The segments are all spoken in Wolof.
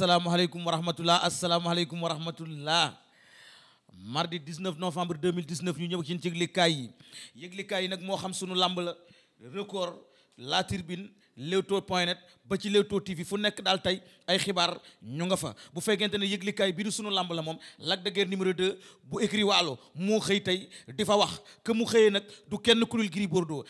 asalaamaaleykum wa rahmatullah asalaamaaleykum wa rahmatullah mardi 19 novembre 2019 ñu ñëw ci yëglikaay yi yëglikaay yi nag moo xam sunu làmb la record la tribune leewtoo point net ba ci Leewtoo TV fu nekk daal tey ay xibaar ñu nga fa bu fekkente ne yëglikaay bi di sunu làmb la moom Lac de Guiers numéro 2 bu écrit waalo moo xëy tey di wax que mu xëyee nag du kenn ku dul Gris Bordeaux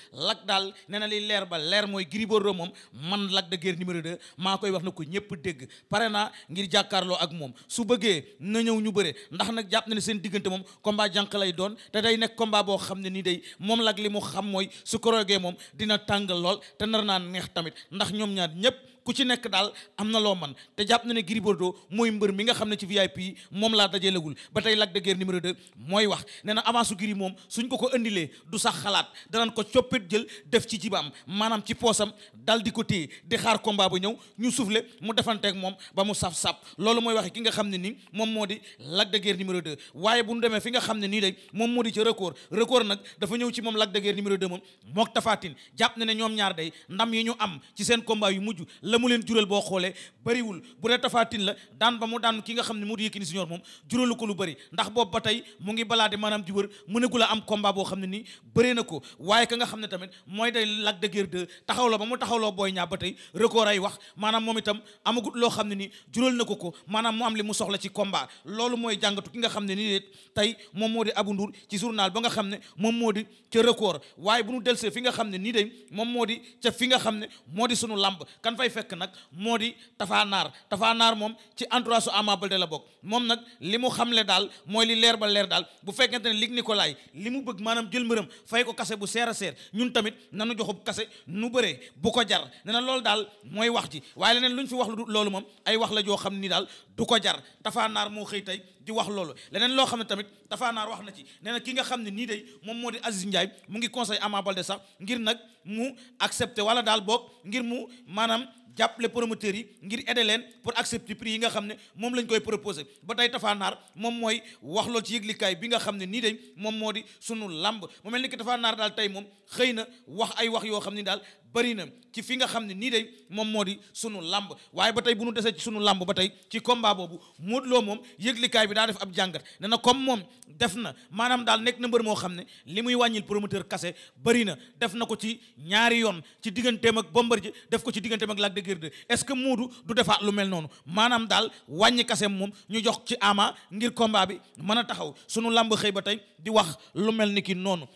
daal nee na li leer ba leer mooy Gris Bordeaux moom man Lac de Guiers numéro maa koy wax na ko ñépp dégg pare naa ngir jàkkaarloo ak moom su bëggee na ñëw ñu bëre ndax nag jàpp na ne seen diggante moom combat jànq lay doon te day nekk combat boo xam ne nii day moom Lac li mu xam mooy su ko roogee moom dina tàng lool te nar naa neex tamit ndax ñoom ñaar ñëpp ku ci nekk daal am na loo man te jàpp na ne Gris Bordeaux mooy mbër mi nga xam ne ci VIP moom laa dajeelagul ba tey Lac de Guiers numéro 2 mooy wax nee na avance su Gris moom suñ ko ko indilee du sax xalaat danañ ko coppet jël def ci jibaam maanaam ci poosam dal di ko téye di xaar combat ba ñëw ñu soufflé mu defanteeg moom ba mu saf-saf loolu mooy waxe ki nga xam ne ni moom moo di Lac de Guiers numéro waaye bu ñu demee fi nga xam ne nii day moom moo di ca record record nag dafa ñëw ci moom Lac de Guiers numéro 2 moom mook Tapha jàpp na ne ñoom ñaar day ndam yi ñu am ci seen combat yu mujj la mu leen jural boo xoolee bëriwul bu dee tafaatin la daan ba mu daan ki nga xam ne mu di Yékini Junior moom juralu ko lu bëri ndax boobu ba tey mu ngi balaade maanaam di wër mënagul a am combat boo xam ne nii bëree na ko waaye ka nga xam ne tamit mooy day Lac de taxaw la ba mu taxawloo Boy Niang ba tey record ay wax maanaam moom itam amagut loo xam ne nii jural na ko ko maanaam mu am li mu soxla ci combat loolu mooy jàngatu ki nga xam ne nii tey moom moo di Abou ci journal ba nga xam ne moom moo di ca record waaye bu ñu delsee fi nga xam ne nii day moom moo di ca fi nga xam ne moo di sunu làmb kan fay fekk nag moo di Tapha Nar Tapha Nar moom ci entourage su Ama de la bokk moom nag li mu xamle daal mooy li leer ba leer daal bu fekkente ne ko Nicolaï li mu bëgg maanaam jël mbërëm fay ko kase bu seer a seer ñun tamit na nanu joxub kase nu bëree bu ko jar ne na loolu daal mooy wax ji waaye leneen lu ñu fi wax lu loolu moom ay wax la joo xam ni daal du ko jar Tapha Nar moo xëy tey di wax loolu leneen loo xam ne tamit dafaanaar wax na ci nee na ki nga xam ne nii day moom moo di Aziz Ndiaye mu ngi conseil Ama Baldé sax ngir nag mu accepté wala daal boog ngir mu maanaam jàppale promoteurs yi ngir aider leen pour accepter prix yi nga xam ne moom lañ koy proposé ba tey tafaanaar moom mooy wax lool ci yëglikaay bi nga xam ne nii day moom moo di sunu lamb mu mel ni ki tafaanaar daal tey moom xëy na wax ay wax yoo xam ni daal bëri na ci fi nga xam ne nii day moom moo di sunu làmb waaye ba tey bu nu desee ci sunu lamb ba tey ci combat boobu Modou loo moom yëglikaay bi daa def ab jàngat ne na comme moom def na maanaam daal nekk na mbër moo xam ne li muy wàññil promoteur kase bëri na def na ko ci ñaari yoon ci digganteem ak Bombardier def ko ci digganteem ak Lac de Guiers est-ce que Modou du defaat lu mel noonu maanaam daal wàññi kase moom ñu jox ci ama ngir combat bi mën a taxaw sunu lamb xëy ba tey di wax lu mel ni ki noonu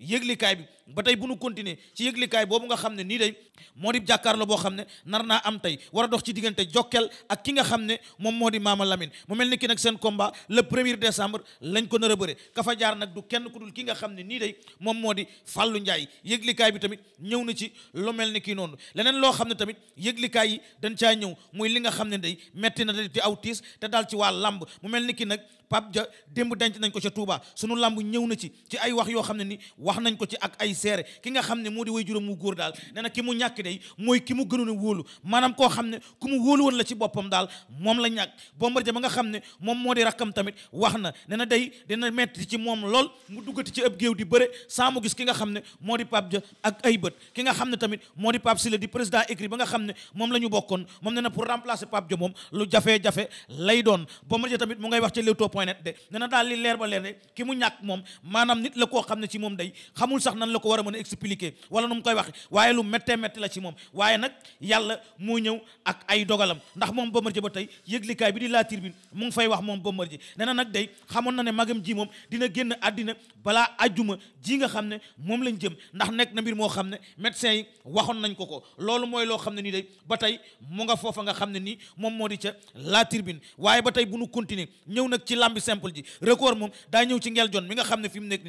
yëglikaay bi ba tey bu nu continuer ci yëglikaay boobu nga xam ne nii day moo di jàkkaarloo boo xam ne nar naa am tey war a dox ci diggante Jokkel ak ki nga xam ne moom moo di Maama lamin mu mel ni kii nag seen combat le premier décembre lañ ko nar a bëre kafa jaar nag du kenn ku dul ki nga xam ne nii day moom moo di Fallou njaay yëglikaay bi tamit ñëw na ci lu mel ni kii noonu leneen loo xam ne tamit yëglikaay yi dañ caa ñëw muy li nga xam ne day metti na di aw tiis te daal ci waa lamb mu mel ni ki nag Pape Dia démb denc nañ ko ca Touba sunu lamb ñëw na ci ci ay wax yoo xam ne ni wax nañ ko ci ak ay seere ki nga xam ne moo di way juróom mu góor daal nee na ki mu ñàkk day mooy ki mu gënoon a wóolu maanaam koo xam ne ku mu wóolu woon la ci boppam daal moom la ñàkk Bombardier ba nga xam ne moom moo di rakkam tamit wax na nee day dina metti ci moom lool mu duggati ci ab géew di bëre saa mu ki nga xam ne moo di Pape Dia ak ay bët ki nga xam ne tamit moo di Pape Sile di président écrit ba nga xam ne moom la ñu bokkoon moom nee na pour remplacer Pape Dia moom lu jafe-jafe lay doon Bombardier tamit mu ngay wax ci Leewtoo point net de nee na daal li leer ba leer de ki mu ñàkk moom maanaam nit la koo xam ne ci moom day xamul sax nan la ko war a mën a expliquer wala nu mu koy waxe waaye lu méttee métti la ci moom waaye nag yàlla moo ñëw ak ay dogalam ndax moom Bombardier ba tey yëglikaay bi di laa tribune mu ngi fay wax moom Bombardier nee na nag day xamoon na ne magam ji moom dina génn àddina balaa ajjuma ji nga xam ne moom lañ jëm ndax nekk na mbir moo xam ne médecin yi waxoon nañ ko ko loolu mooy loo xam ne nii day ba tey mu nga foofa nga xam ne nii moom moo di ca la tribune waaye ba tey bu nu continuer ñëw nag ci lambi simple ji record moom daa ñëw ci ngel jon mi nga xam ne fi mu nekk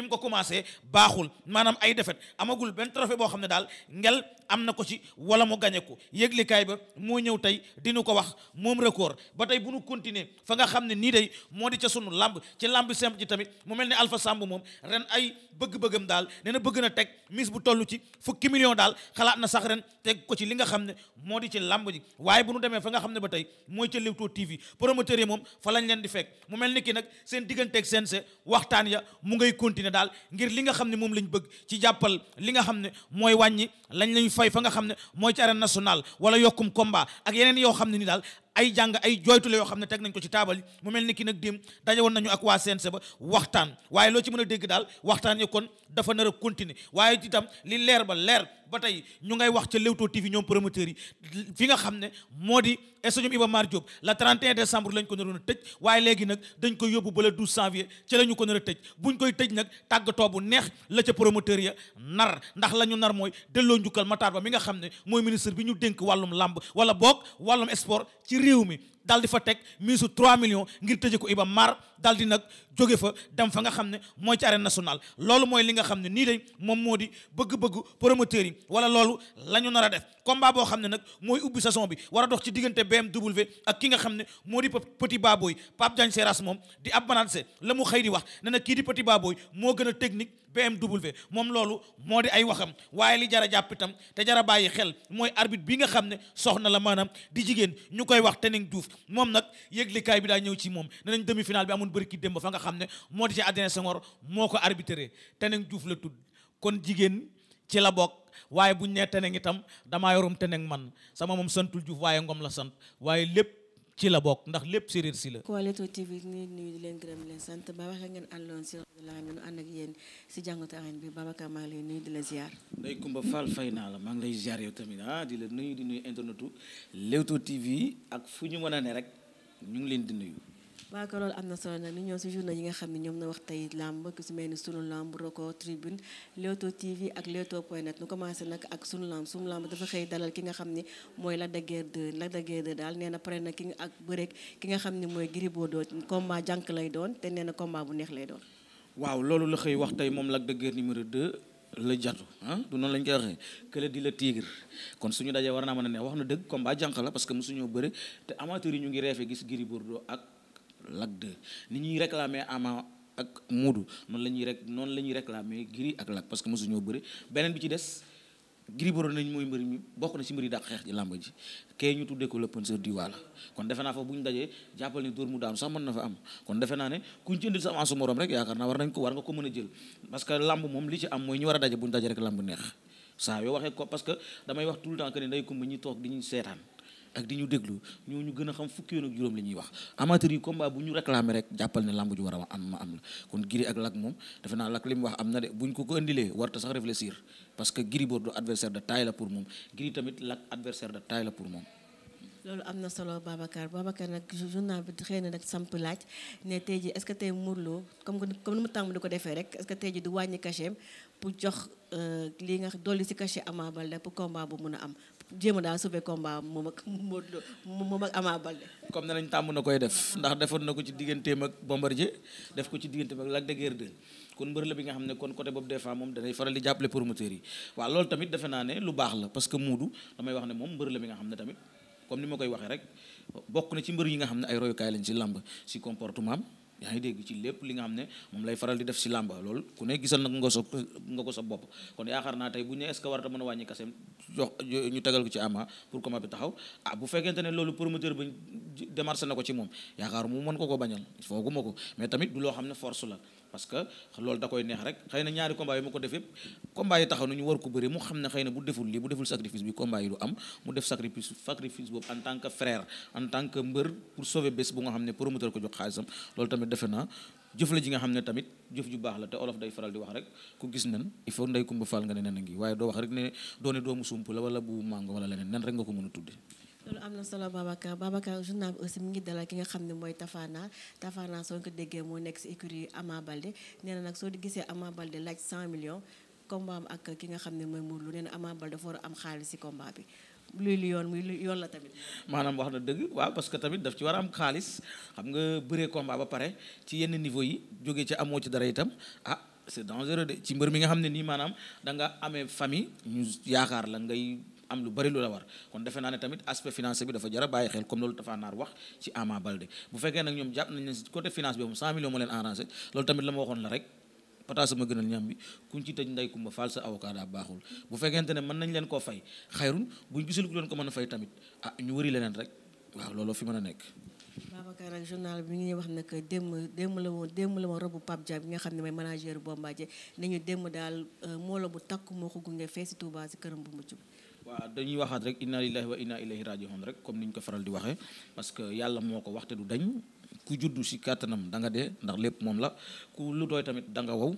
ni mu ko commencé baaxul maanaam ay defet amagul benn trophée boo xam ne daal ngel am na ko ci wala mu gañe ko yëglikaay ba moo ñëw tey dinu ko wax moom record ba tey bu nu continuer fa nga xam ne nii day moo di ca sunu lamb ci lamb simple ji tamit mu mel ne Alpha Samb moom ren ay bëgg-bëggam daal nee bëgg na teg mise bu toll ci fukki million daal xalaat na sax ren teg ko ci li nga xam ne moo di ci lamb ji waaye bu nu demee fa nga xam ne ba tey mooy ca Leewtoo TV promoteurs yi moom fa lañ leen di fekk mu mel ni ki nag seen digganteeg CNG waxtaan ya mu ngay continuer ñu daal ngir li nga xam ne moom lañ bëgg ci jàppal li nga xam ne mooy wàññi lañ lañ fay fa nga xam ne mooy ci national nationale wala yokkum combat ak yeneen yoo xam ne ni daal ay jàng ay jooytu la yoo xam ne teg nañ ko ci taabal yi mu mel ni ki nag démb daje woon nañu ak waa CNG ba waxtaan waaye loo ci mën a dégg daal waxtaan yi kon dafa nar a continuer waaye itam li leer ba leer ba tey ñu ngay wax ca Leewtoo TV ñoom promoteurs yi fi nga xam ne moo di stadium Iba Mar Diop la 31 décembre lañ ko naroon a tëj waaye léegi nag dañ koy yóbbu ba le 12 janvier ci la ñu ko nar a tëj buñ koy tëj nag tàggatoo bu neex la ca promoteurs ya nar ndax la ñu nar mooy delloo njukkal Matar Ba mi nga xam ne mooy ministre bi ñu dénk wàllum làmb wala boog réew mi daal di fa teg mise su 3 millions ngir tëje ko Iba Mar daal di nag jóge fa dem fa nga xam ne mooy ci arène nationale loolu mooy li nga xam ne nii day moom moo di bëgg-bëgg promoteur yi wala loolu la ñu nar def combat boo xam ne nag mooy ubbi sa son bi wara dox ci diggante BMW ak ki nga xam ne moo di Petit baabooy Pape Diagne Seras moom di ab banaanse la mu xëy di wax ne na kii di Petit Baboy moo gën a technique BMW moom loolu moo di ay waxam waaye li jara jàpp itam te jara bàyyi xel mooy arbitre bi nga xam ne soxna la maanaam di jigéen ñu koy wax Tening Diouf moom nag yëglikaay bi daa ñëw ci moom ne nañ demi final bi amoon bëri ki démb fa nga xam ne moo di ci Adrien Senghor moo ko arbitré Teneng Diouf la tudd kon jigéen ci la bokk waaye buñ nee Teneng itam damaa yorum Teneng man sama moom santul Diouf waaye ngoom la sant waaye lépp ci la bokk ndax lépp séréer si la. waa Leewtoo TV ñu nuyu di leen gërëm leen sant ba waxee ngeen àndoon si laaj bi nu ànd ak yéen si jàngatu arène bi Babacar maa ngi lay nuyu di la ziar. Ndeye Kumba Fall fay naa la maa ngi lay ziar yow tamit ah di la nuyu di nuyu internetu Leewtoo TV ak fu ñu mën a ne rek ñu ngi leen di nuyu. waaw ko loolu am na solo nag ñu ñëw si journée yi xam ne ñoom na wax tey làmb ku si mel ni sunu làmb Record Tribune Leewtoo TV ak Leewtoo point commencé nag ak sunu làmb sunu làmb dafa xëy dalal nga xam ne mooy Lac de Guiers 2 Lac de daal nee na pare na ki ak bëreek ki nga xam ne mooy Gris Bordeaux combat jànk lay doon te nee na combat bu neex lay doon waaw loolu la xëy wax tey moom Lac de Guiers numéro 2 la jatu ah du noonu lañ koy waxee la tigre kon a wax na dëgg combat jànq la parce que mosuñoo bëre te amateur yi ñu ngi reefe gis Gris Bordeaux ak Lac 2 ni ñuy réclamer Ama ak Modou noonu la ñuy rek noonu la ñuy réclamer Gris ak Lac parce que mosu ñoo bëri beneen bi ci des Gris Bordeaux nañ mooy mbër bokk na ci mbër yi dàq xeex ji làmb ji kee ñu tuddee defe naa fa bu ñu dajee jàppal ni dóor na fa defe naa ne kuñ ci indil sa avance morom war war nga ko mën a jël parce que làmb moom li ci a daje rek làmb neex saa yoo waxee ko parce que damay wax tout le temps que ne day kumba ñi toog di ñu seetaan ak di ñu déglu ñu gën a xam fukki yoon ak juróom li ñuy wax amateur yi combat bu ñu réclamé rek jàppal ne làmb ju war a am ma am la kon giri ak lak moom defe naa lak li mu wax am na de buñ ko ko indilee warta sax réfléchir parce que giri Bordeaux adversaire de taille la pour moom giri tamit lak adversaire de taille la pour moom loolu am na solo Babacar Babacar nag journal bi xëy na nag samp laaj ne tey jii est tey Modou Lo comme comme ni mu tàmm di ko defee rek tey jii du wàññi cachet pour jox euh, lii si cachet Ama Baldé pour combat bu mun a a daal sauver combat moom ak Modou Lo moom ak Ama Baldé. comme ne def ndax defoon na ko ci digganteem ak Bombardier def ko ci digganteem ak Lac de Guiers 2 kon mbër la bi nga xam ne kon côté boobu des moom danay faral di jàppale promoteurs yi waaw loolu tamit defe naa ne lu baax la parce que Modou damay wax ne moom mbër la bi nga xam ne tamit. comme ni ma koy waxe rek bokk na ci mbër yi nga xam ne ay royukaay lañ ci làmb ci comportement am yaa ngi dégg ci lépp li nga xam ne moom lay faral di def si làmb loolu ku ne gisal nag nga sa nga ko sa bopp kon yaakaar naa tey bu ñu ne est-ce que war a mën a wàññi ñu tegal ko ci ama pour comment bi taxaw ah, bu fekkente ne loolu promoteur ba démarché na ko ci moom yaakaar mu mën ko ko bañal fooguma ko mais tamit du loo xam ne force la parce que lool da koy neex rek xëy na ñaari combat yi mu ko def yëpp combat yi taxaw na ñu war ko bëri mu xam ne xëy na bu deful lii bu deful sacrifice bi combat yi du am mu def sacrifice sacrifice boobu en tant que frère en tant que mbër pour sauver bés bu nga xam ne promoteur ko jox xaalisam loolu tamit defe naa jëf la ji nga xam ne tamit jëf ju baax la te olof day faral di wax rek ku gis nen il faut ndey kumba faal nga ne nen a ngi waaye doo wax rek ne doone leneen nen rek nga ko mën a tudde loolu am na solo Babacar Babacar journal bi aussi mi ngi dalal ki nga xam ne mooy Tafana Tafana soo ko déggee moo nekk si écurie Ama Balde nee na nag soo gisee Ama Balde laaj 100 millions combat am ak ki nga xam ne mooy Modou lu nee na Ama Balde dafa war am xaalis si combat bi. luy lu yoon muy lu yoon la tamit. maanaam wax na dëgg waaw parce que tamit daf ci war am xaalis xam nga bëree combat ba pare ci yenn niveau yi jógee ci amoo ci dara itam ah c'est dangereux de ci mbër mi nga xam ne nii maanaam da amee famille ñu yaakaar la ngay. am lu bari lu la war kon defe naa ne tamit aspect financier bi dafa jara bàyyi xel comme loolu Tapha Naar wax ci Ama Baldé bu fekkee nag ñoom jàpp nañ ne côté finance bi moom 100 millions moo leen arrangé loolu tamit la ma waxoon la rek pata sama gënal ñam bi kuñ ci tëj nday kumba faal bu fekkente ne mën nañ leen koo fay xayrun buñ ko a fay tamit ah, ñu wëri leneen rek waaw looloo fi mën a nekk Babacar ak journal bi ngi wax nag démb démb la woon démb la woon robu Pape Dia bi nga xam ne mooy manager Bombardier nañu démb daal euh, mbooloo bu takk moo ko gunge fee si Touba si këram bu mucc bi waa dañuy waxaat rek inna lillahi wa inna ilayhi raji'un rek comme ni ñu ko faral di waxee parce que yàlla moo ko waxte du dañ ku juddu si kàttanam da nga dee ndax lépp moom la ku lu doy tamit danga nga wow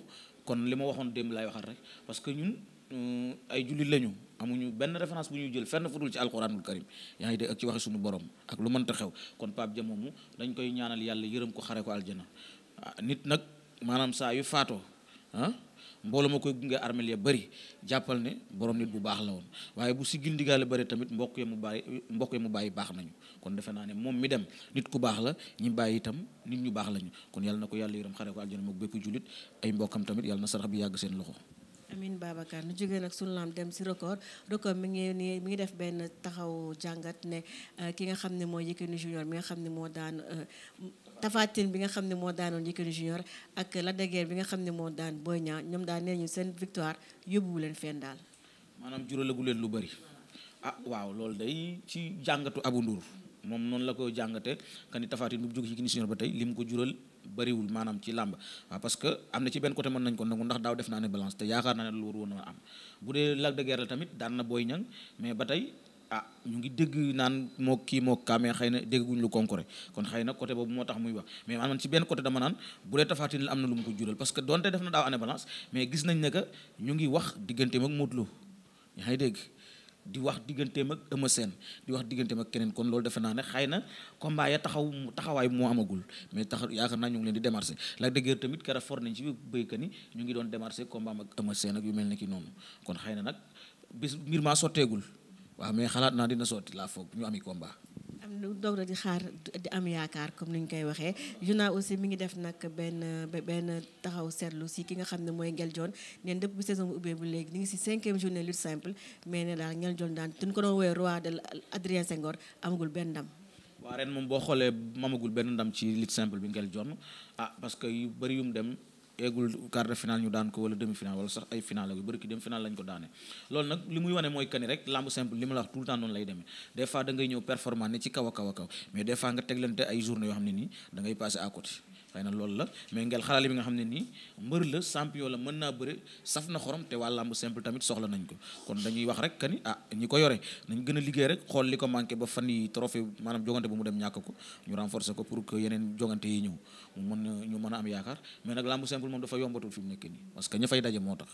kon li ma waxoon démb laay waxaat rek parce que ñun euh, ay jullit lañu amuñu benn référence bu ñuy jël fenn fu dul ci alquranul karim yaa ngi dégg ak ci waxi suñu borom ak lu mënta xew kon Pape Dia moomu dañ koy ñaanal yàlla yërëm ko xare ko aljana ah, nit nag maanaam saa yu faatoo ah, mbooloo ma koy gunge armel ya bëri jàppal ne borom nit bu baax la woon waaye bu si siggil ndigaale bari tamit mbokk ya mu bàyyi mbokk ya mu baax nañu kon defe naa ne moom mi dem nit ku baax la ñi bàyyi itam nit ñu baax lañu kon yàlla na ko yàlla yërëm xare ko aljana mook bépp jullit ay mbokkam tamit yàlla na sarax bi yàgg seen loxo amin Babacar nu jógee nag sunu laam dem si record record mi ngi nii mi ngi def benn taxaw jàngat ne euh, ki nga xam ne moo Yékini Junior mi nga xam ne moo daan euh, Tafatine bi nga xam ne moo daanoon Yékini Junior ak Lac de Guiers bi nga xam ne moo daan Boy Niang ñoom daal nee ñu seen victoire yóbbuwu leen fenn daal. maanaam juralagu leen lu bëri. ah waaw loolu day ci jàngatu Abou Ndour moom noonu la ko jàngate que ni Tafatine jóg Yékini Junior ba tey lim ko jural. bariwul maanaam ci làmb waaw ah, parce que am na ci benn côté mën nañ ko nangu ndax daaw def naa ne balance te yaakaar naa ne loolu war woon na la tamit daan na Boy Niang mais ba tey ah ñu ngi dégg naan moo kii moo kaamee xëy na dégguñ lu concret kon xëy na côté boobu moo tax muy wax mais man ci benn côté dama naan bu dee Tapha Tine la ne que ñu ngi wax digganteem ak Modou Lo yaa wax digganteem ak Eumeu Sène di wax digganteem ak keneen kon loolu defe naa ne xëy na combat ya taxaw taxawaay moo amagul mais tax yaakaar naa ñu ngi leen di démarché Lac de Guiers tamit kera for nañ ci béykat yi ñu ngi doon démarché combat am ak Eumeu Sène ak yu noonu kon xëy na nag bis mbir maa sotteegul waaw mais xalaat naa dina sotti laa foog ñu ami combat. am lu di xaar di am yaakaar comme ni ñu koy waxee Juna aussi mi ngi def nag benn benn taxaw seetlu si ki nga xam ne mooy Ngel jon neen dëpp bu saison bu ubbee bu léegi ñu ngi si cinquième journée lutte simple mais ne daal Ngel John daan duñ ko doon woowee roi de Adrien Senghor amagul benn ndam. waaw ren moom boo xoolee amagul benn ndam ci lutte simple bi Ngel John ah parce que yu bëri yu mu dem. eggul quart finale ñu daan ko wala demi finale wala sax ay finale yu bëri ki dem finale lañ ko daane loolu nag li muy wane mooy kani rek lamb simple li ma la wax tout temps lay demee des fois da ñëw performant ne ci kaw a kaw a kaw mais des fois nga teglante ay journée yoo xam ne nii da ngay à côté xëy na loolu la mais ngel xalaali bi nga xam ne nii mbër la champion la mën naa bëre saf na xorom te waa làmb simple tamit soxla nañ ko kon dañuy wax rek que ah ñi ko yore nañ gën a liggéey rek xool li ko manqué ba fan yi trophée maanaam jogante bu mu dem ñàkk ko ñu renforcer ko pour que yeneen jogante yi ñëw mu mën ñu mën a am yaakaar mais nag làmb simple moom dafa yombatul fi mu nii parce que daje moo tax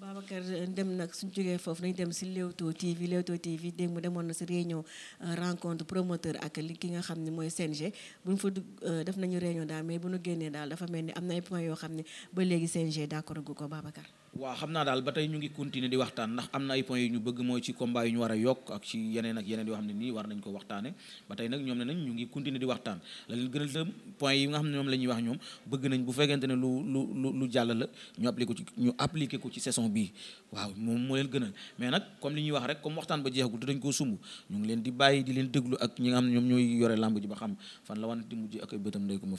Babacar euh, dem nag suñ jógee foofu nañ dem si Leewtoo TV Leewtoo TV dégg mu demoon na si réunion euh, rencontre promoteur ak li ki nga xam ne mooy CNG bu ñu fa dugg euh, def nañu réunion daal mais bu nu génnee daal dafa mel ni am na ay points yoo xam ne ba léegi CNG d'accord gu ko Babacar waaw xam naa daal ba tey ñu ngi continuer di waxtaan ndax am na ay points yu ñu bëgg mooy ci combat yu ñu war a yokk ak ci yeneen ak yeneen yoo xam ne nii war a ko waxtaane ba tey nag ñoom ne ñu ngi continuer di waxtaan la leen gënal tam nga xam ne ñoom la ñuy wax ñoom bëgg nañ bu fekkente ne lu lu lu lu jàll la ñu ñu appliqué ko ci saison bii waaw moom moo leen gënal mais nag comme li ñuy wax rek comme waxtaan ba jeexagul te dañ koo sumb ñu leen di bàyyi di leen déglu ak ñi nga xam ne ñoom ñooy yore làmb ji ba xam fan la wan di mujj ak ay bëtam ndey ko ma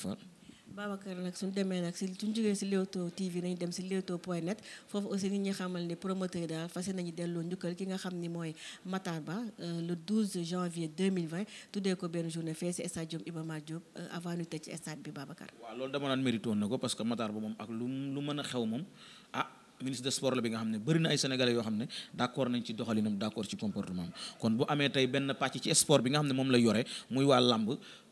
Babacar nag suñu demee nag si suñu jógee si Leewtoo TV nañu dem si Leewtoo point net foofu aussi nit ñi xamal ni promoteur daal fas nañu delloo njukkal ki nga xam ni mooy Matar Ba euh, le janvier tuddee ko benn journée fee si stade Iba Mar Diop euh, avant ñu tëj ci stade bi Babacar. waaw loolu dama naan méritoon na ko parce que Matar Ba moom ak lu mën a xew moom ah. ministre de sport la bi nga xam ne bëri na ay sénégalais yoo xam ne d'accord nañ ci doxalinam d'accord ne moom la yore muy waa làmb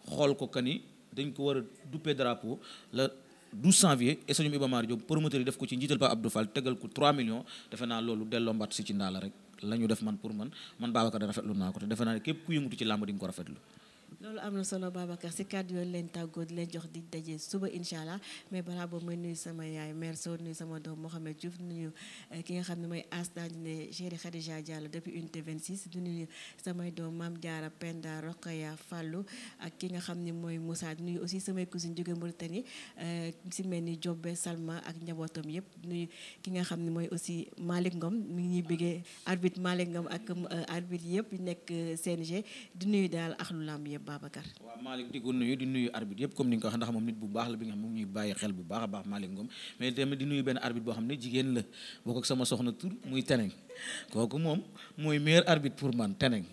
xool ko kani dañ ko war a duppee drapeau la 12 janvier et sañum Iba Mar Diop promoteur yi def ko ci njiital ba Abdou Fall tegal ko 3 millions defe naa loolu delloo mbatt si ci ndaa la rek la def man pour man man Babacar da rafetlu naa ko te defe naa képp ku yëngutu ci làmb di nga ko rafetlu loolu am na solo Babacar si kàddu yooyu leen tàggoo di leen jox di daje suba incha allah mais balaa boobu mooy nuyu sama yaay mère Sow nuyu sama doom Mohamed Diouf nuyu eh, ki nga xam ne mooy Astan ne chéri Khadija Diallo depuis unité 26 di nuyu samay doom Mame Diarra Penda Rokhaya Fallou ak ki nga xam ni mooy Moussa di nuyu aussi samay cousine jóge Mauritanie eh, si mel ni Diobbe Salma ak njabootam yëpp nuy ki nga xam ni mooy aussi Malick Ngom mi ngi ñuy bëggee arbitre Malick Ngom ak eh, arbitre yëpp nekk CNG di nuyu daal axlu lamb yëpp yëpp Babacar. waaw Malick di ko nuyu di nuyu arbitre yëpp comme ni nga ko waxee ndax moom nit bu baax la bi nga xam moom ñuy bàyyi xel bu baax a baax Malick Ngom mais tamit di nuyu moom mooy meilleur arbitre pour man Teneng.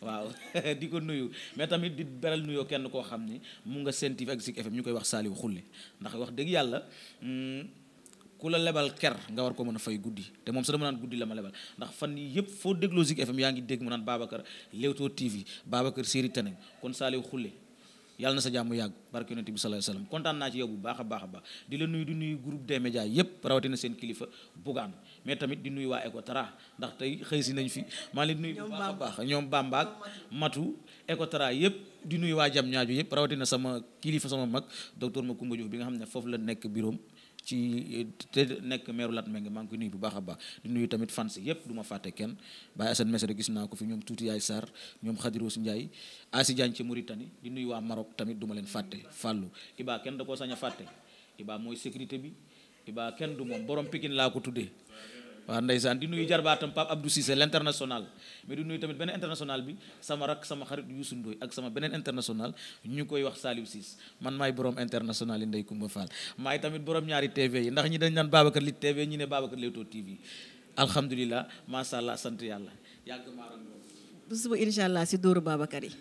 waaw di ko nuyu mais tamit di beral nuyoo kenn koo xam ne mu nga Sen TV ak Zik FM ñu koy wax Saliou Khoule ndax wax dëgg yàlla. Hmm, ku la lebal ker nga war ko mën a fay guddi te moom sa dama naan guddi la ma lebal ndax fan yi yëpp foo déglu Zik FM yaa ngi dégg mu naan Babacar Leewtoo TV Babacar Séri Teneng kon Saliou Khoule yàlla na sa jàmm yàgg barke yonent bi sallallahu alayhi wasallam kontaan naa ci yow bu baax a baax a baax di la nuyu di nuyu groupe des médias yëpp rawatina seen kilifa bugaan mais tamit di nuyu waa Ecotra ndax tey xëy si nañ fi maa leen nuyu bu baax a baax ñoom bambaak matu Ecotra yëpp di nuyu waa jam ñaaju yëpp rawatina sama kilifa sama mag docteur Macoumba Diouf bi nga xam ne foofu la nekk biroom ci te nekk meeru lat me ngi maa ngi koy bu baax a baax di nuyu tamit fans yëpp du ma fàtte kenn Baye Assane Mesere gis naa ko fi ñoom tuuti yaay sar ñoom Khadiros Ndiaye Asi Diagne ci Mauritanie di nuyu waa Maroc tamit duma leen fàtte fàllu ibaa kenn da koo sañ a fàtte Iba mooy sécurité bi ibaa kenn du moom borom Pikine laa ko tuddee waaw ndeysaan di nuyu jarbaatam Pape Abdou Cissé l'international mais di nuyu tamit beneen international bi sama rak sama xarit Youssou Ndoye ak sama beneen international ñu koy wax Saliou Ciss man maay borom international yi Ndeye Coumba Fall maay tamit borom ñaari TV yi ndax ñi dañ naan Babacar li TV ñi ne Babacar Leewtoo TV alhamdulilah macha allah sant yàlla yàgg maaram bu suba incha allah si dóoru Babacar yi